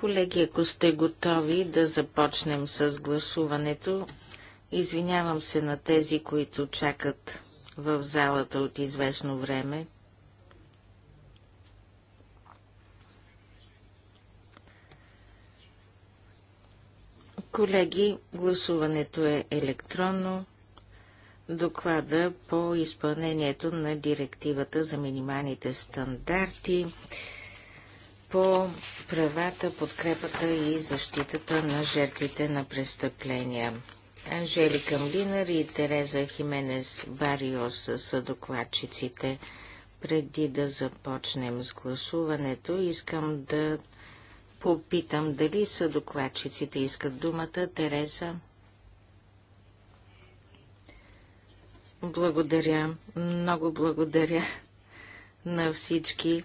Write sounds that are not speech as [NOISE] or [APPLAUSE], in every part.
Колеги, ако сте готови да започнем с гласуването, извинявам се на тези, които чакат в залата от известно време. Колеги, гласуването е електронно доклада по изпълнението на директивата за минималните стандарти по правата, подкрепата и защитата на жертвите на престъпления. Анжелика Млинар и Тереза Хименес Бариос са докладчиците. Преди да започнем с гласуването, искам да попитам дали са докладчиците искат думата. Тереза? Благодаря. Много благодаря на всички.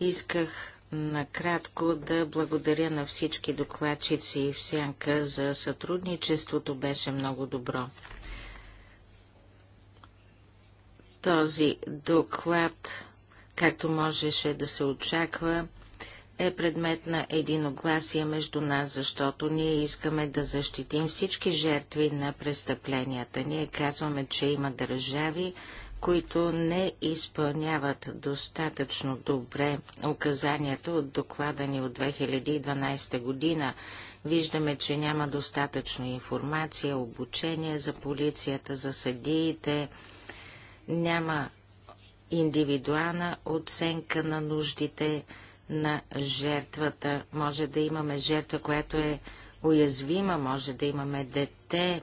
Исках накратко да благодаря на всички докладчици и всянка за сътрудничеството. Беше много добро. Този доклад, както можеше да се очаква, е предмет на единогласие между нас, защото ние искаме да защитим всички жертви на престъпленията. Ние казваме, че има държави, които не изпълняват достатъчно добре указанието от доклада ни от 2012 година. Виждаме, че няма достатъчно информация, обучение за полицията, за съдиите, няма индивидуална оценка на нуждите, на жертвата. Може да имаме жертва, която е уязвима, може да имаме дете,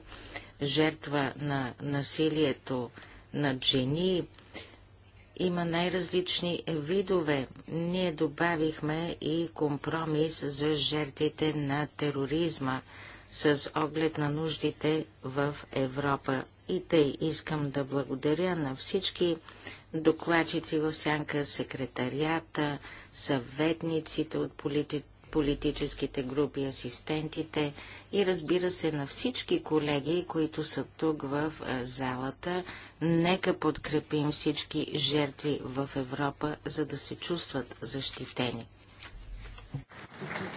жертва на насилието над жени. Има най-различни видове. Ние добавихме и компромис за жертвите на тероризма с оглед на нуждите в Европа. И тъй искам да благодаря на всички докладчици в сянка, секретарията, съветниците от полити... политическите групи, асистентите и разбира се на всички колеги, които са тук в залата. Нека подкрепим всички жертви в Европа, за да се чувстват защитени.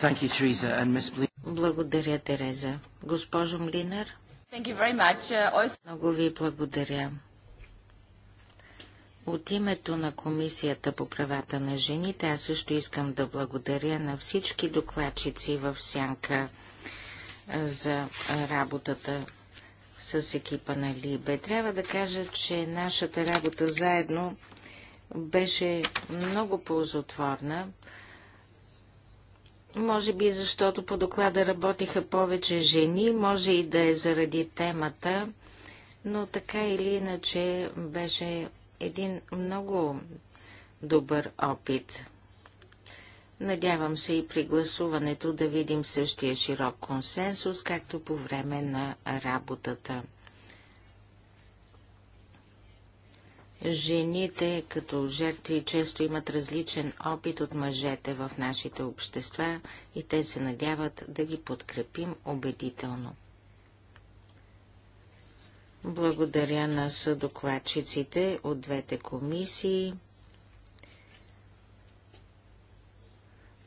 You, Teresa, благодаря, Тереза. Госпожо Млинар, also... Е, много ви благодаря. От името на Комисията по правата на жените аз също искам да благодаря на всички докладчици в Сянка за работата с екипа на Либе. Трябва да кажа, че нашата работа заедно беше много ползотворна. Може би защото по доклада работиха повече жени, може и да е заради темата, но така или иначе беше един много добър опит. Надявам се и при гласуването да видим същия широк консенсус, както по време на работата. Жените като жертви често имат различен опит от мъжете в нашите общества и те се надяват да ги подкрепим убедително. Благодаря на съдокладчиците от двете комисии.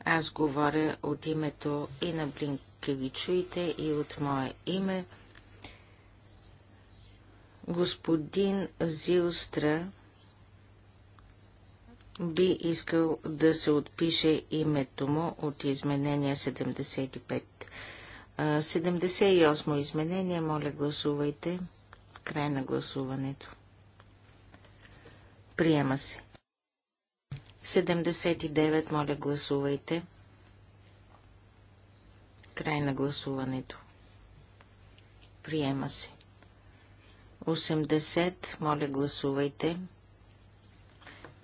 Аз говоря от името и на Блинкевичуите, и от мое име. Господин Зилстра би искал да се отпише името му от изменение 75. 78 изменение, моля гласувайте. Край на гласуването. Приема се. 79, моля гласувайте. Край на гласуването. Приема се. 80, моля гласувайте.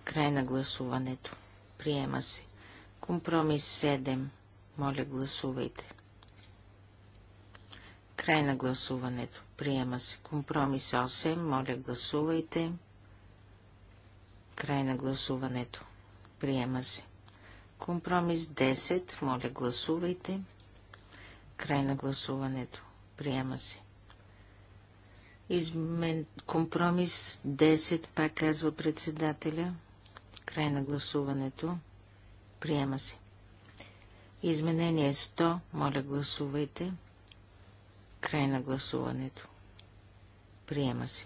Край на гласуването. Приема се. Компромис 7. Моля гласувайте. Край на гласуването. Приема се компромис 8. Моля, гласувайте. Край на гласуването. Приема се. Компромис 10. Моля, гласувайте. Край на гласуването. Приема се. Измен... Компромис 10, пак казва председателя. Край на гласуването. Приема се. Изменение 100. Моля, гласувайте. Край на гласуването. Приема се.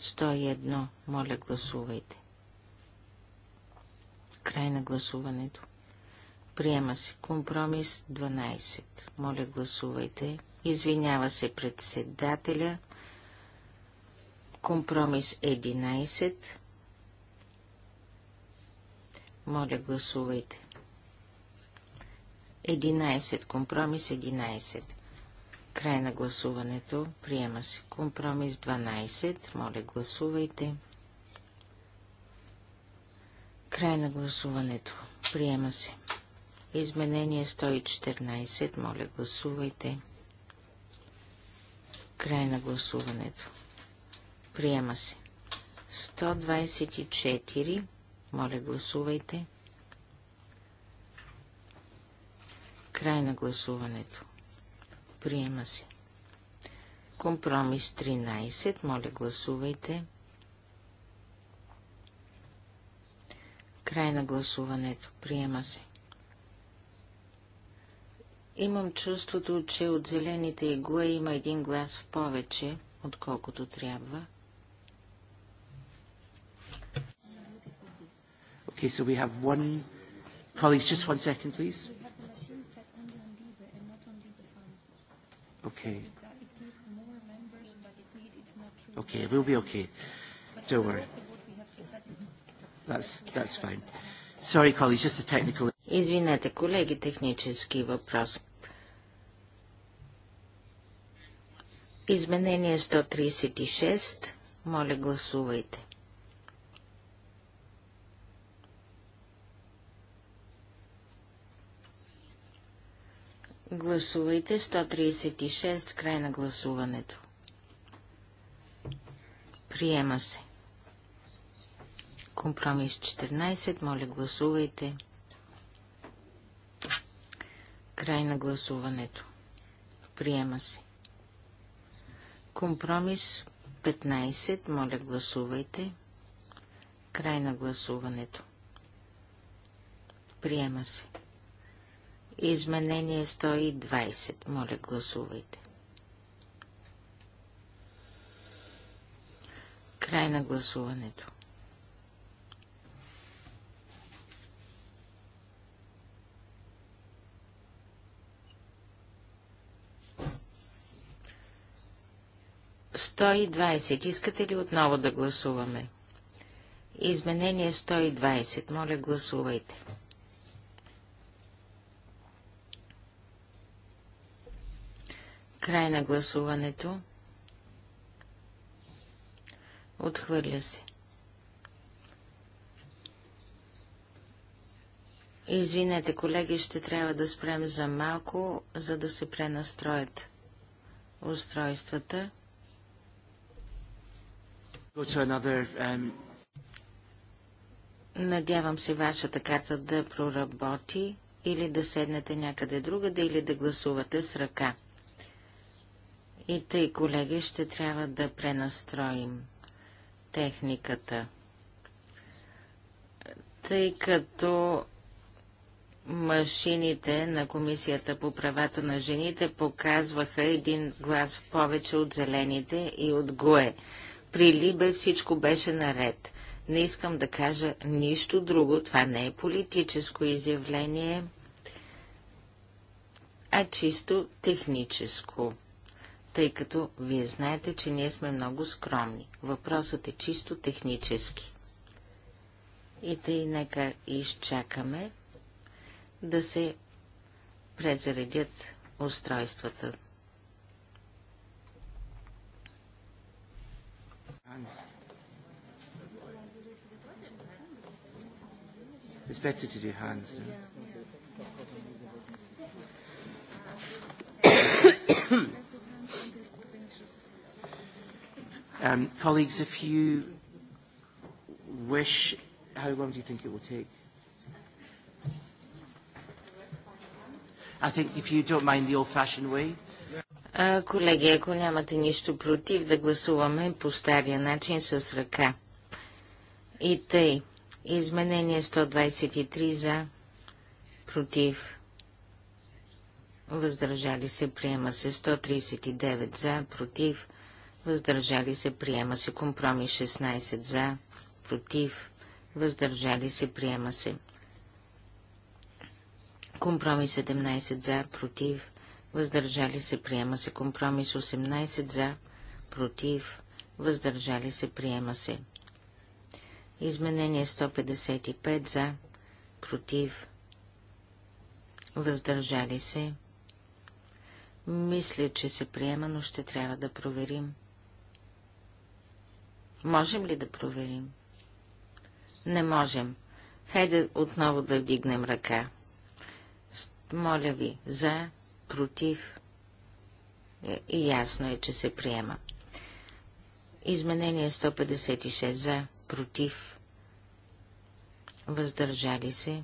101. Моля, гласувайте. Край на гласуването. Приема се. Компромис 12. Моля, гласувайте. Извинява се председателя. Компромис 11. Моля, гласувайте. 11. Компромис 11. Край на гласуването. Приема се компромис 12. Моля, гласувайте. Край на гласуването. Приема се. Изменение 114. Моля, гласувайте. Край на гласуването. Приема се. 124. Моля, гласувайте. Край на гласуването. Приема се. Компромис 13. Моля, гласувайте. Край на гласуването. Приема се. Имам чувството, че от зелените игла има един глас в повече, отколкото трябва. Okay, so we have one... Colleagues, just one second, please. Okay. Okay, we'll be okay. Don't worry. That's, that's fine. Sorry, colleagues, just a technical... Извинете, колеги, технически въпрос. Изменение 136. Моля, гласувайте. Гласувайте 136, край на гласуването. Приема се. Компромис 14, моля гласувайте. Край на гласуването. Приема се. Компромис 15, моля гласувайте. Край на гласуването. Приема се. Изменение 120. Моля, гласувайте. Край на гласуването. Сто и двадесет. Искате ли отново да гласуваме? Изменение 120. Моля, гласувайте. Край на гласуването. Отхвърля се. Извинете, колеги, ще трябва да спрем за малко, за да се пренастроят устройствата. Надявам се вашата карта да проработи или да седнете някъде другаде, или да гласувате с ръка. И тъй, колеги, ще трябва да пренастроим техниката. Тъй като машините на Комисията по правата на жените показваха един глас в повече от зелените и от гое. При Либе всичко беше наред. Не искам да кажа нищо друго, това не е политическо изявление, а чисто техническо тъй като вие знаете, че ние сме много скромни. Въпросът е чисто технически. И тъй нека изчакаме да се презаредят устройствата. It's better to do hands. No? Yeah. [COUGHS] [COUGHS] [COUGHS] Um, colleagues, if you wish, how long do you think it will take? I think if you don't mind the old-fashioned way. Колеги, ако нямате нищо против, да гласуваме по стария начин с ръка. И тъй. Изменение 123 за, против, въздържали се, приема се 139 за, против, въздържали се, приема се. Компромис 16 за, против, въздържали се, приема се. Компромис 17 за, против, въздържали се, приема се. Компромис 18 за, против, въздържали се, приема се. Изменение 155 за, против, въздържали се. Мисля, че се приема, но ще трябва да проверим. Можем ли да проверим? Не можем. Хайде отново да вдигнем ръка. Моля ви, за, против. Е, и ясно е, че се приема. Изменение 156 за, против. Въздържали се.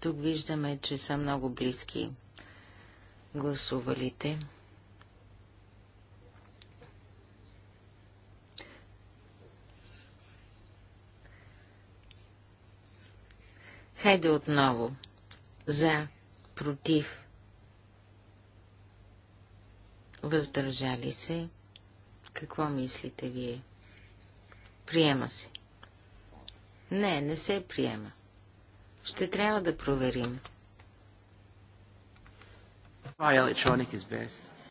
Тук виждаме, че са много близки гласувалите. Хайде отново. За, против, въздържали се. Какво мислите вие? Приема се. Не, не се приема. Ще трябва да проверим. Е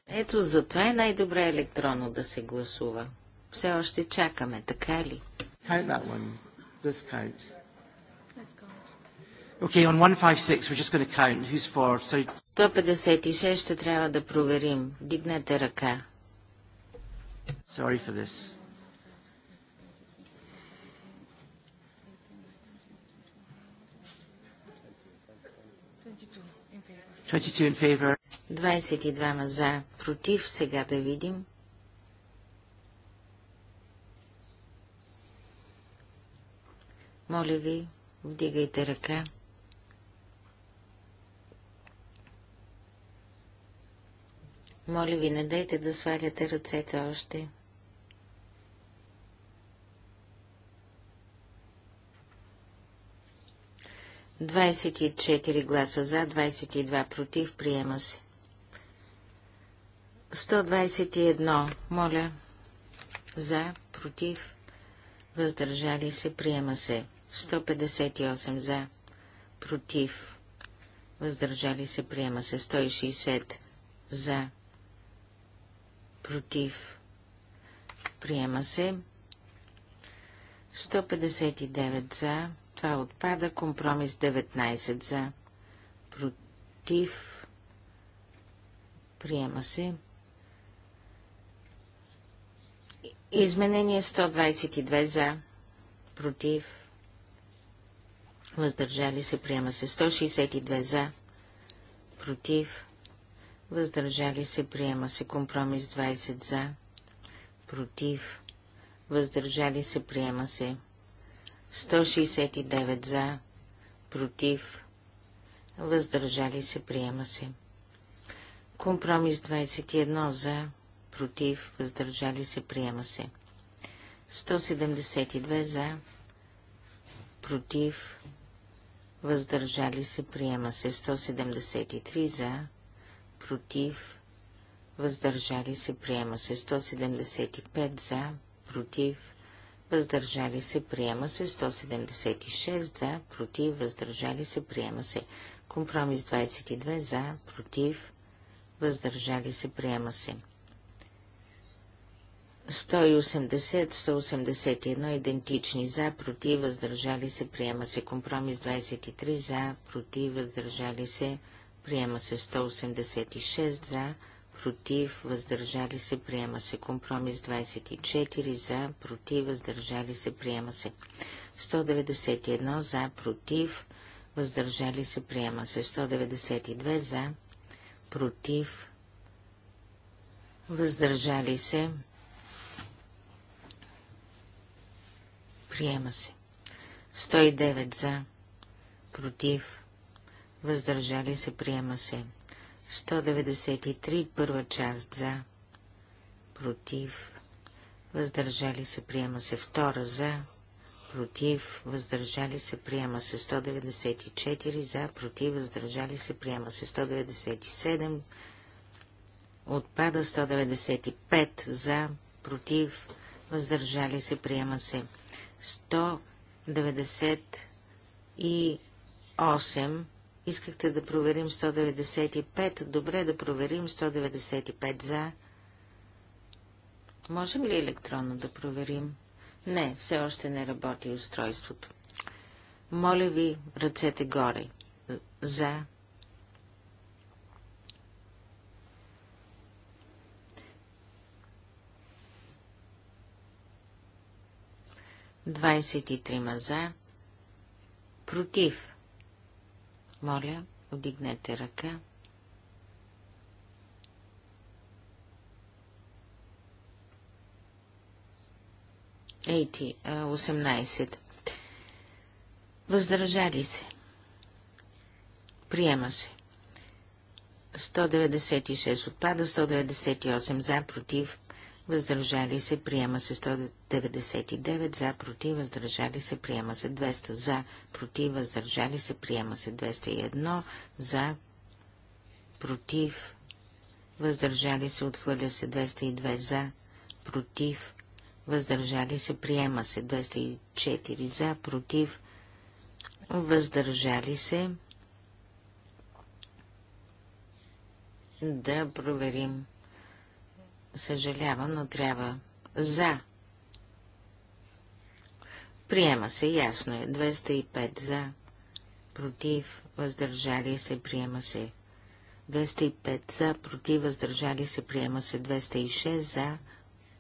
Ето, затова е най-добре електронно да се гласува. Все още чакаме, така ли? Count that one. This counts. Okay, on 156, we're just going to count who's for. So... 156 ще трябва да проверим. Дигнете ръка. Sorry for this. Twenty-two in favor. за. Против сега да видим. Моля ви, вдигайте ръка. Моля ви, не дайте да сваляте ръцете още. Двадесет и четири гласа за, 22 против, приема се. 121. Моля. За, против, въздържали се, приема се. 158 за, против, въздържали се, приема се. 160 за, против, приема се. 159 за, това отпада, компромис 19 за, против, приема се. Изменение 122 за, против, въздържали се, приема се 162 за, против, въздържали се, приема се. Компромис 20 за, против, въздържали се, приема се. 169 за, против, въздържали се, приема се. Компромис 21 за, против, въздържали се, приема се. 172 за, против, въздържали се, приема се. 173 за, против, въздържали се, приема се 175 за, против, въздържали се, приема се 176 за, против, въздържали се, приема се. Компромис 22 за, против, въздържали се, приема се. 180, 181 идентични за, против, въздържали се, приема се. Компромис 23 за, против, въздържали се, приема се. Приема се 186 за, против, въздържали се, приема се. Компромис 24 за, против, въздържали се, приема се. 191 за, против, въздържали се, приема се. 192 за, против, въздържали се, приема се. 109 за, против, въздържали се, приема се. 193, първа част за, против, въздържали се, приема се. Втора за, против, въздържали се, приема се. 194 за, против, въздържали се, приема се. 197 отпада, 195 за, против, въздържали се, приема се. 198 Искахте да проверим 195. Добре, да проверим 195 за. Можем ли електронно да проверим? Не, все още не работи устройството. Моля ви, ръцете горе. За. Двадесет и трима за. Против. Моля, вдигнете ръка. Ейти, 18. Въздържали се. Приема се. 196 отпада, 198 за, против, въздържали се, приема се 199, за, против, въздържали се, приема се 200, за, против, въздържали се, приема се 201, за, против, въздържали се, отхвърля се 202, за, против, въздържали се, приема се 204, за, против, въздържали се, да проверим. Съжалявам, но трябва. За. Приема се, ясно е. 205 за. Против. Въздържали се. Приема се. 205 за. Против. Въздържали се. Приема се. 206 за.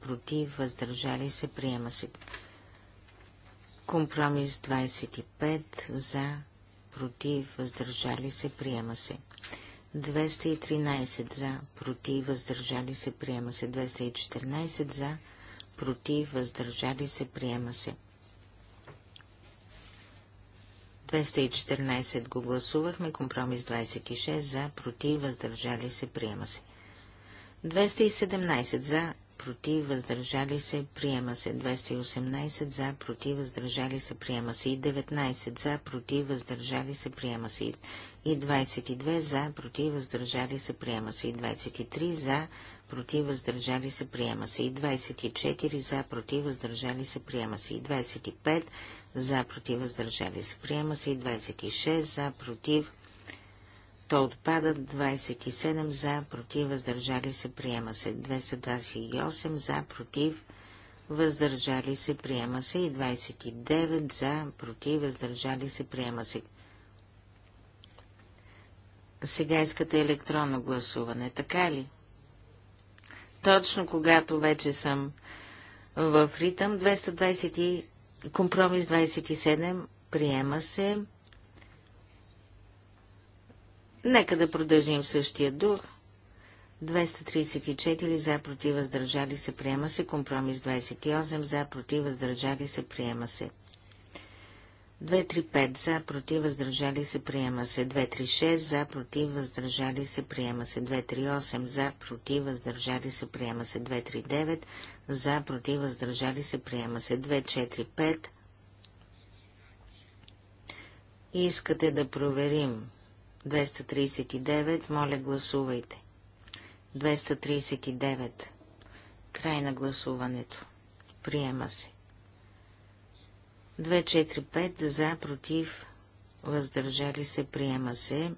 Против. Въздържали се. Приема се. Компромис 25 за. Против. Въздържали се. Приема се. 213 за, против, въздържали се, приема се. 214 за, против, въздържали се, приема се. 214 го гласувахме, компромис 26 за, против, въздържали се, приема се. 217 за, против, въздържали се, приема се. 218 за, против, въздържали се, приема се. И 19 за, против, въздържали се, приема се и 22 за, против, въздържали се, приема се и 23 за, против, въздържали се, приема се и 24 за, против, въздържали се, приема се и 25 за, против, въздържали се, приема се и 26 за, против, то отпадат 27 за, против, въздържали се, приема се 228 за, против, въздържали се, приема се и 29 за, против, въздържали се, приема се сега искате електронно гласуване, така ли? Точно когато вече съм в ритъм, 220, компромис 27 приема се. Нека да продължим в същия дух. 234 за против въздържали се приема се, компромис 28 за против въздържали се приема се. 235 за, против, въздържали се, приема се. 236 за, против, въздържали се, приема се. 238 за, против, въздържали се, приема се. 239 за, против, въздържали се, приема се. 245 Искате да проверим. 239, моля гласувайте. 239. Край на гласуването. Приема се. 245 за, против, въздържали се, приема се.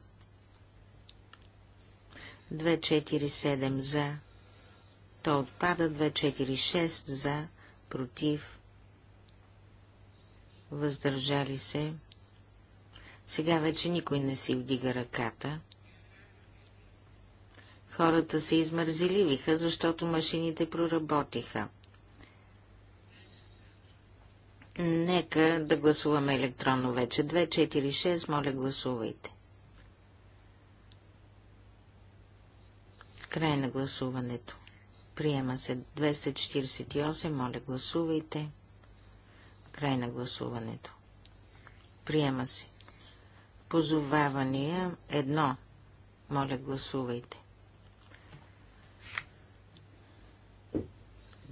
247 за, то отпада. 246 за, против, въздържали се. Сега вече никой не си вдига ръката. Хората се измързеливиха, защото машините проработиха. Нека да гласуваме електронно вече. 246, моля гласувайте. Край на гласуването. Приема се 248, моля гласувайте. Край на гласуването. Приема се. Позовавания 1. Моля гласувайте.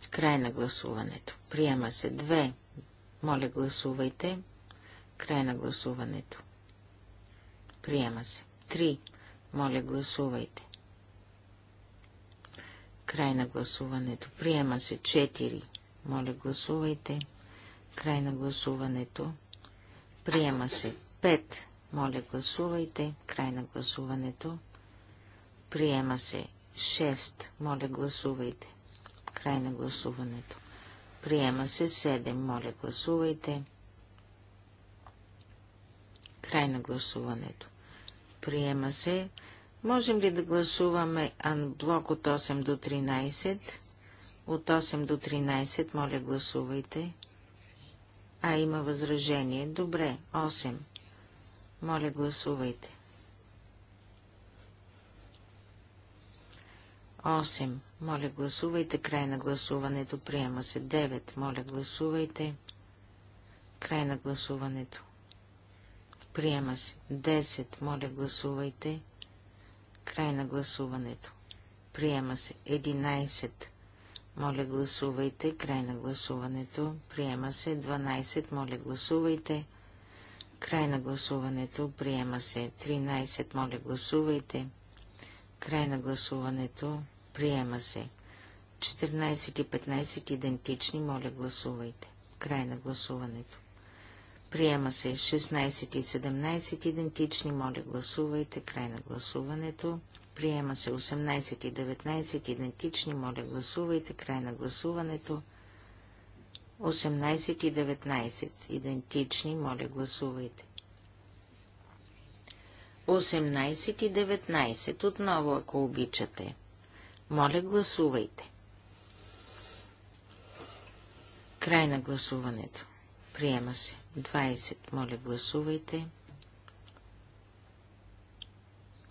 Край на гласуването. Приема се 2. Моля, гласувайте. Край на гласуването. Приема се. 3. Моля, гласувайте. Край на гласуването. Приема се. 4. Моля, гласувайте. Край на гласуването. Приема се. 5. Моля, гласувайте. Край на гласуването. Приема се. 6. Моля, гласувайте. Край на гласуването. Приема се 7. Моля, гласувайте. Край на гласуването. Приема се. Можем ли да гласуваме анблок от 8 до 13? От 8 до 13, моля, гласувайте. А, има възражение. Добре, 8. Моля, гласувайте. 8. Моля гласувайте. Край на гласуването. Приема се 9. Моля гласувайте. Край на гласуването. Приема се 10. Моля гласувайте. Край на гласуването. Приема се 11. Моля гласувайте. Край на гласуването. Приема се 12. Моля гласувайте. Край на гласуването. Приема се 13. Моля гласувайте. Край на гласуването. Приема се. 14 и 15 идентични. Моля, гласувайте. Край на гласуването. Приема се 16 и 17 идентични. Моля, гласувайте. Край на гласуването. Приема се 18 и 19 идентични. Моля, гласувайте. Край на гласуването. 18 и 19 идентични. Моля, гласувайте. 18 и 19 отново, ако обичате. Моля, гласувайте. Край на гласуването. Приема се. 20. Моля, гласувайте.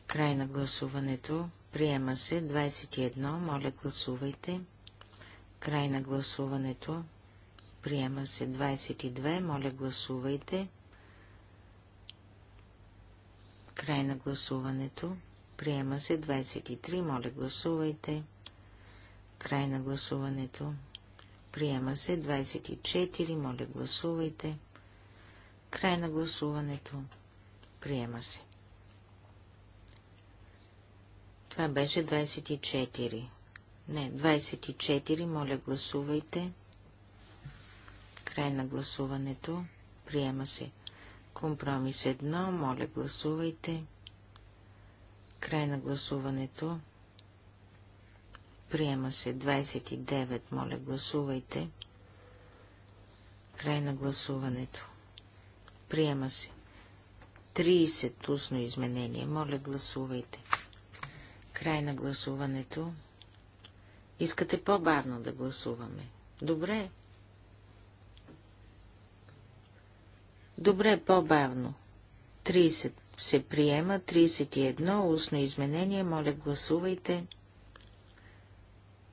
Край на гласуването. Приема се. 21. Моля, гласувайте. Край на гласуването. Приема се. 22. Моля, гласувайте. Край на гласуването. Приема се 23. Моля, гласувайте. Край на гласуването. Приема се 24. Моля, гласувайте. Край на гласуването. Приема се. Това беше 24. Не, 24. Моля, гласувайте. Край на гласуването. Приема се. Компромис 1. Моля, гласувайте. Край на гласуването. Приема се 29. Моля, гласувайте. Край на гласуването. Приема се. 30 устно изменение. Моля, гласувайте. Край на гласуването. Искате по-бавно да гласуваме. Добре. Добре, по-бавно. 30 се приема 31 устно изменение. Моля, гласувайте.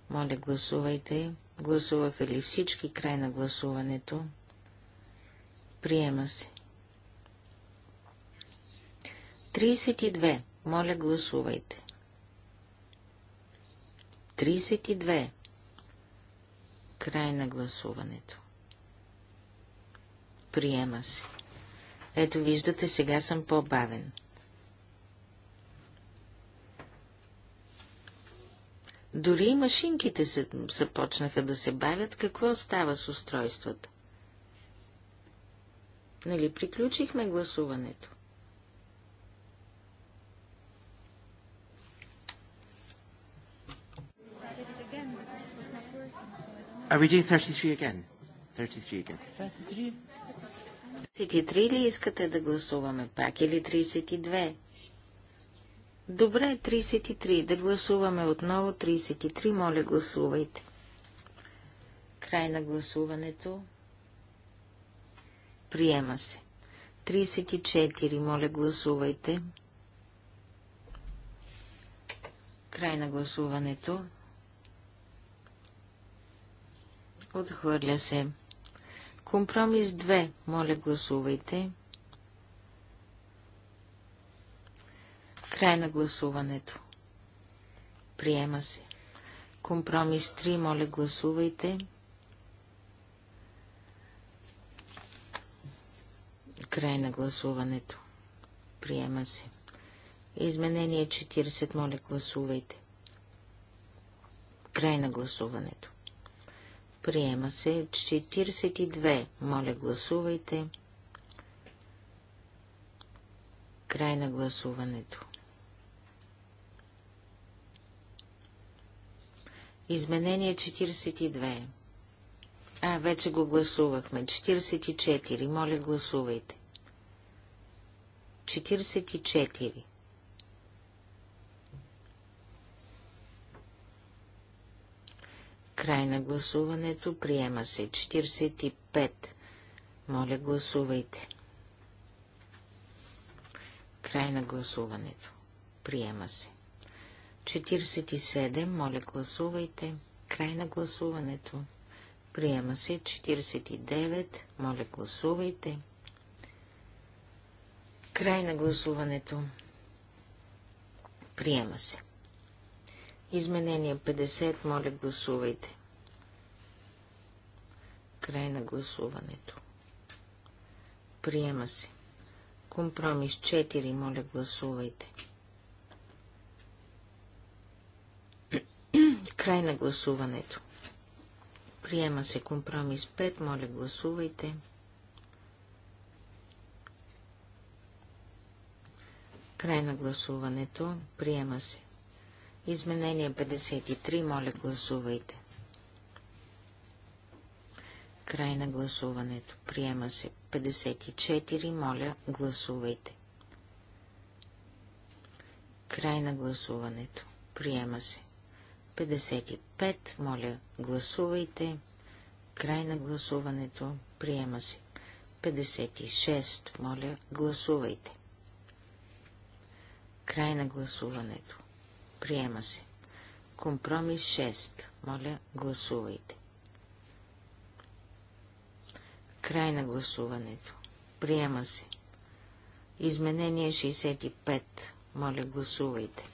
Моля, гласувайте. Гласуваха ли всички? Край на гласуването. Приема се. 32. Моля, гласувайте. 32. Край на гласуването. Приема се. Ето виждате, сега съм по-бавен. Дори и машинките се, започнаха да се бавят. Какво става с устройствата? Нали приключихме гласуването? Are we doing 33 again? 33 again. 33? 33 ли искате да гласуваме пак или 32? Добре, 33. Да гласуваме отново 33. Моля, гласувайте. Край на гласуването. Приема се. 34. Моля, гласувайте. Край на гласуването. Отхвърля се. Компромис 2. Моля, гласувайте. Край на гласуването. Приема се. Компромис 3. Моля, гласувайте. Край на гласуването. Приема се. Изменение 40. Моля, гласувайте. Край на гласуването. Приема се 42. Моля, гласувайте. Край на гласуването. Изменение 42. А, вече го гласувахме. 44. Моля, гласувайте. 44. Край на гласуването. Приема се 45. Моля, гласувайте. Край на гласуването. Приема се. 47. Моля, гласувайте. Край на гласуването. Приема се. 49. Моля, гласувайте. Край на гласуването. Приема се. Изменение 50, моля гласувайте. Край на гласуването. Приема се. Компромис 4, моля гласувайте. Край на гласуването. Приема се компромис 5, моля гласувайте. Край на гласуването. Приема се. Изменение 53. Моля, гласувайте. Край на гласуването. Приема се 54. Моля, гласувайте. Край на гласуването. Приема се. 55. Моля, гласувайте. Край на гласуването. Приема се. 56. Моля, гласувайте. Край на гласуването. Приема се. Компромис 6. Моля, гласувайте. Край на гласуването. Приема се. Изменение 65. Моля, гласувайте.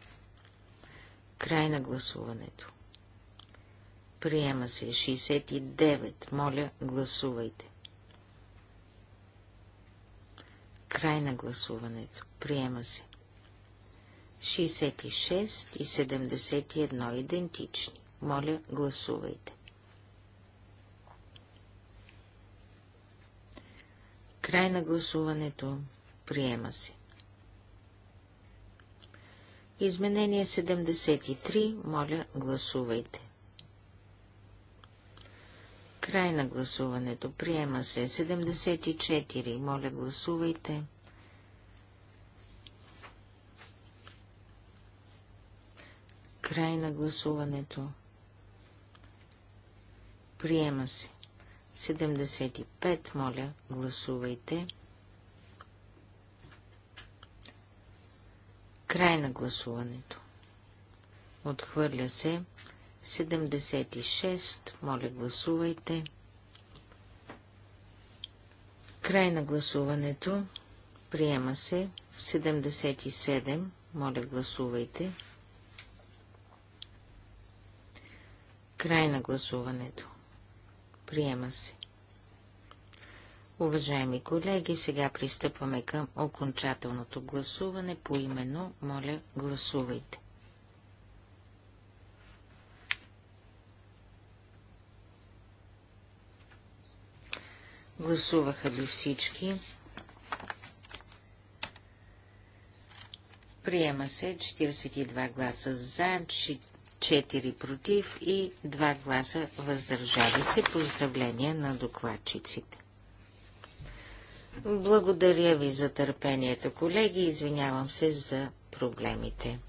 Край на гласуването. Приема се 69. Моля, гласувайте. Край на гласуването. Приема се. 66 и 71 идентични. Моля, гласувайте. Край на гласуването. Приема се. Изменение 73. Моля, гласувайте. Край на гласуването. Приема се. 74. Моля, гласувайте. Край на гласуването. Приема се. 75, моля, гласувайте. Край на гласуването. Отхвърля се. 76, моля, гласувайте. Край на гласуването. Приема се. 77, моля, гласувайте. Край на гласуването. Приема се. Уважаеми колеги, сега пристъпваме към окончателното гласуване. По моля, гласувайте. Гласуваха ли всички? Приема се 42 гласа за, 4 против и 2 гласа въздържали се. Поздравления на докладчиците. Благодаря ви за търпението, колеги. Извинявам се за проблемите.